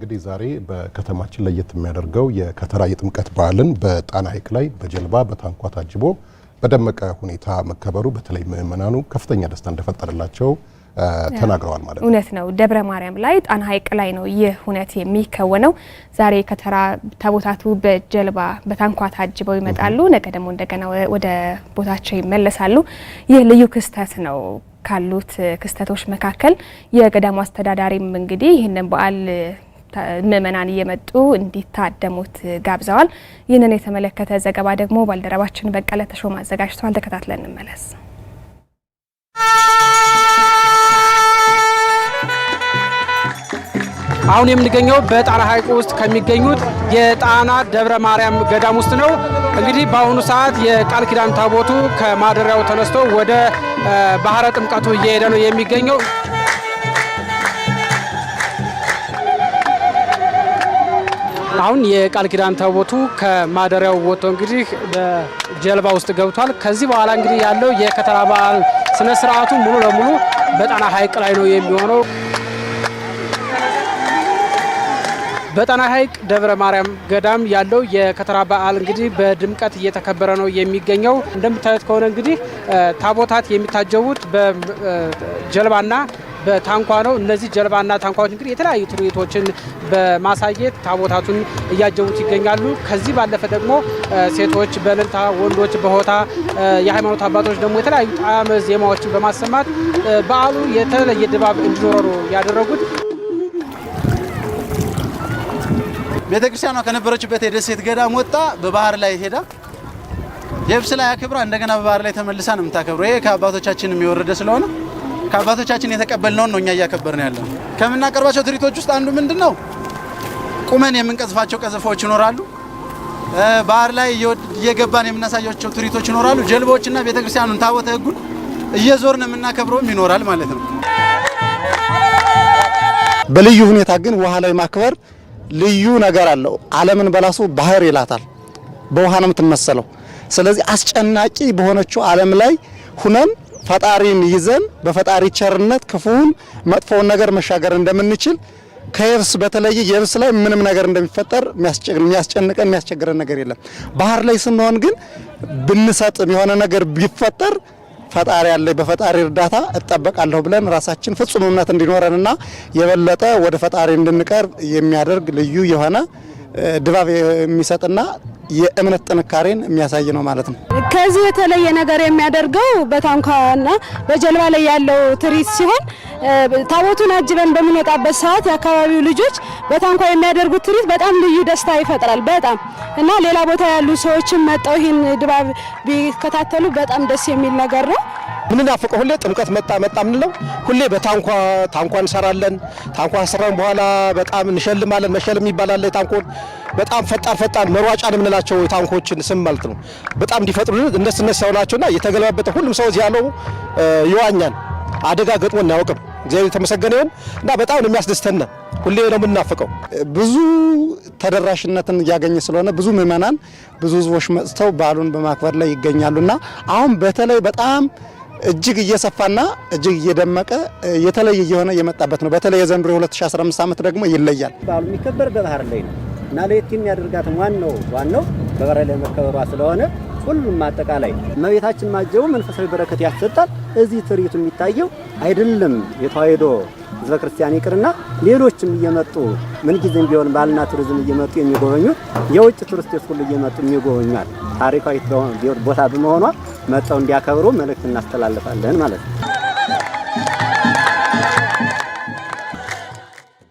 እንግዲህ ዛሬ በከተማችን ለየት የሚያደርገው የከተራ የጥምቀት በዓልን በጣና ሐይቅ ላይ በጀልባ በታንኳ ታጅቦ በደመቀ ሁኔታ መከበሩ በተለይ ምዕመናኑ ከፍተኛ ደስታ እንደፈጠረላቸው ተናግረዋል ማለት ነው። እውነት ነው። ደብረ ማርያም ላይ ጣና ሐይቅ ላይ ነው ይህ ሁነት የሚከወነው። ዛሬ ከተራ ታቦታቱ በጀልባ በታንኳ ታጅበው ይመጣሉ። ነገ ደግሞ እንደገና ወደ ቦታቸው ይመለሳሉ። ይህ ልዩ ክስተት ነው ካሉት ክስተቶች መካከል የገዳሙ አስተዳዳሪም እንግዲህ ይህንን በዓል ምእመናን እየመጡ እንዲታደሙት ጋብዘዋል። ይህንን የተመለከተ ዘገባ ደግሞ ባልደረባችን በቀለ ተሾም አዘጋጅተዋል። ተከታትለን እንመለስ። አሁን የምንገኘው በጣና ሐይቅ ውስጥ ከሚገኙት የጣና ደብረ ማርያም ገዳም ውስጥ ነው። እንግዲህ በአሁኑ ሰዓት የቃል ኪዳን ታቦቱ ከማደሪያው ተነስቶ ወደ ባህረ ጥምቀቱ እየሄደ ነው የሚገኘው። አሁን የቃል ኪዳን ታቦቱ ከማደሪያው ወጥቶ እንግዲህ በጀልባ ውስጥ ገብቷል። ከዚህ በኋላ እንግዲህ ያለው የከተራ በዓል ስነ ስርዓቱ ሙሉ ለሙሉ በጣና ሐይቅ ላይ ነው የሚሆነው። በጣና ሐይቅ ደብረ ማርያም ገዳም ያለው የከተራ በዓል እንግዲህ በድምቀት እየተከበረ ነው የሚገኘው። እንደምታዩት ከሆነ እንግዲህ ታቦታት የሚታጀቡት በጀልባና በታንኳ ነው። እነዚህ ጀልባና ታንኳዎች እንግዲህ የተለያዩ ትርኢቶችን በማሳየት ታቦታቱን እያጀቡት ይገኛሉ። ከዚህ ባለፈ ደግሞ ሴቶች በእልልታ ወንዶች በሆታ የሃይማኖት አባቶች ደግሞ የተለያዩ ጣዕመ ዜማዎችን በማሰማት በዓሉ የተለየ ድባብ እንዲኖረው ያደረጉት። ቤተክርስቲያኗ ከነበረችበት የደሴት ገዳም ወጣ በባህር ላይ ሄዳ የብስ ላይ አክብራ እንደገና በባህር ላይ ተመልሳ ነው የምታከብረው። ይሄ ከአባቶቻችን የሚወረደ ስለሆነ ከአባቶቻችን የተቀበልነውን ነው እኛ እያከበርን ያለው። ከምናቀርባቸው ትርኢቶች ውስጥ አንዱ ምንድን ነው? ቁመን የምንቀዝፋቸው ቀዘፋዎች ይኖራሉ። ባህር ላይ እየገባን የምናሳያቸው ትርኢቶች ይኖራሉ። ጀልባዎችና ቤተክርስቲያኑን ታቦተ ሕጉን እየዞርን የምናከብረውም ይኖራል ማለት ነው። በልዩ ሁኔታ ግን ውሃ ላይ ማክበር ልዩ ነገር አለው። ዓለምን በላሱ ባህር ይላታል። በውሃ ነው የምትመሰለው። ስለዚህ አስጨናቂ በሆነችው ዓለም ላይ ሁነን ፈጣሪን ይዘን በፈጣሪ ቸርነት ክፉውን መጥፎውን ነገር መሻገር እንደምንችል ከየብስ በተለየ የብስ ላይ ምንም ነገር እንደሚፈጠር የሚያስጨንቀን የሚያስቸግረን ነገር የለም። ባህር ላይ ስንሆን ግን ብንሰጥም የሆነ ነገር ቢፈጠር ፈጣሪ ያለ በፈጣሪ እርዳታ እጠበቃለሁ ብለን ራሳችን ፍጹም እምነት እንዲኖረንና የበለጠ ወደ ፈጣሪ እንድንቀርብ የሚያደርግ ልዩ የሆነ ድባብ የሚሰጥና የእምነት ጥንካሬን የሚያሳይ ነው ማለት ነው። ከዚህ የተለየ ነገር የሚያደርገው በታንኳና በጀልባ ላይ ያለው ትርኢት ሲሆን ታቦቱን አጅበን በምንወጣበት ሰዓት የአካባቢው ልጆች በታንኳ የሚያደርጉት ትርኢት በጣም ልዩ ደስታ ይፈጥራል። በጣም እና ሌላ ቦታ ያሉ ሰዎችም መጠው ይህን ድባብ ቢከታተሉ በጣም ደስ የሚል ነገር ነው። ምንናፍቀው ሁሌ ጥምቀት መጣ መጣ ምንለው ሁሌ በታንኳ ታንኳ እንሰራለን። ታንኳ ሰራን በኋላ በጣም እንሸልማለን። መሸልም ይባላል ታንኮን በጣም ፈጣን ፈጣን መሯጫ ነው የምንላቸው የታንኮችን ስም ማለት ነው። በጣም እንዲፈጥሩ እነሱ እነሱ ያውናቸውና የተገለባበጠ ሁሉም ሰው እዚህ ያለው ይዋኛል። አደጋ ገጥሞ እናያውቅም። እግዚአብሔር የተመሰገነ ይሁን እና በጣም ነው የሚያስደስተን። ሁሌ ነው የምናፍቀው። ብዙ ተደራሽነትን እያገኘ ስለሆነ ብዙ ምዕመናን ብዙ ህዝቦች መጥተው በዓሉን በማክበር ላይ ይገኛሉና አሁን በተለይ በጣም እጅግ እየሰፋና እጅግ እየደመቀ የተለየ እየሆነ የመጣበት ነው። በተለይ የዘንድሮ 2015 ዓመት ደግሞ ይለያል። በዓሉ የሚከበር በባህር ላይ ነው እና ለየት የሚያደርጋትም ዋናው ዋናው በባህር ላይ መከበሯ ስለሆነ ሁሉም አጠቃላይ እመቤታችን ማጀቡ መንፈሳዊ በረከት ያሰጣል። እዚህ ትርኢቱ የሚታየው አይደለም የተዋሕዶ ህዝበ ክርስቲያን ይቅርና ሌሎችም እየመጡ ምንጊዜም ቢሆን ባህልና ቱሪዝም እየመጡ የሚጎበኙ የውጭ ቱሪስቶች ሁሉ እየመጡ የሚጎበኟል ታሪካዊ ቦታ በመሆኗ መጠው እንዲያከብሩ መልእክት እናስተላልፋለን ማለት ነው።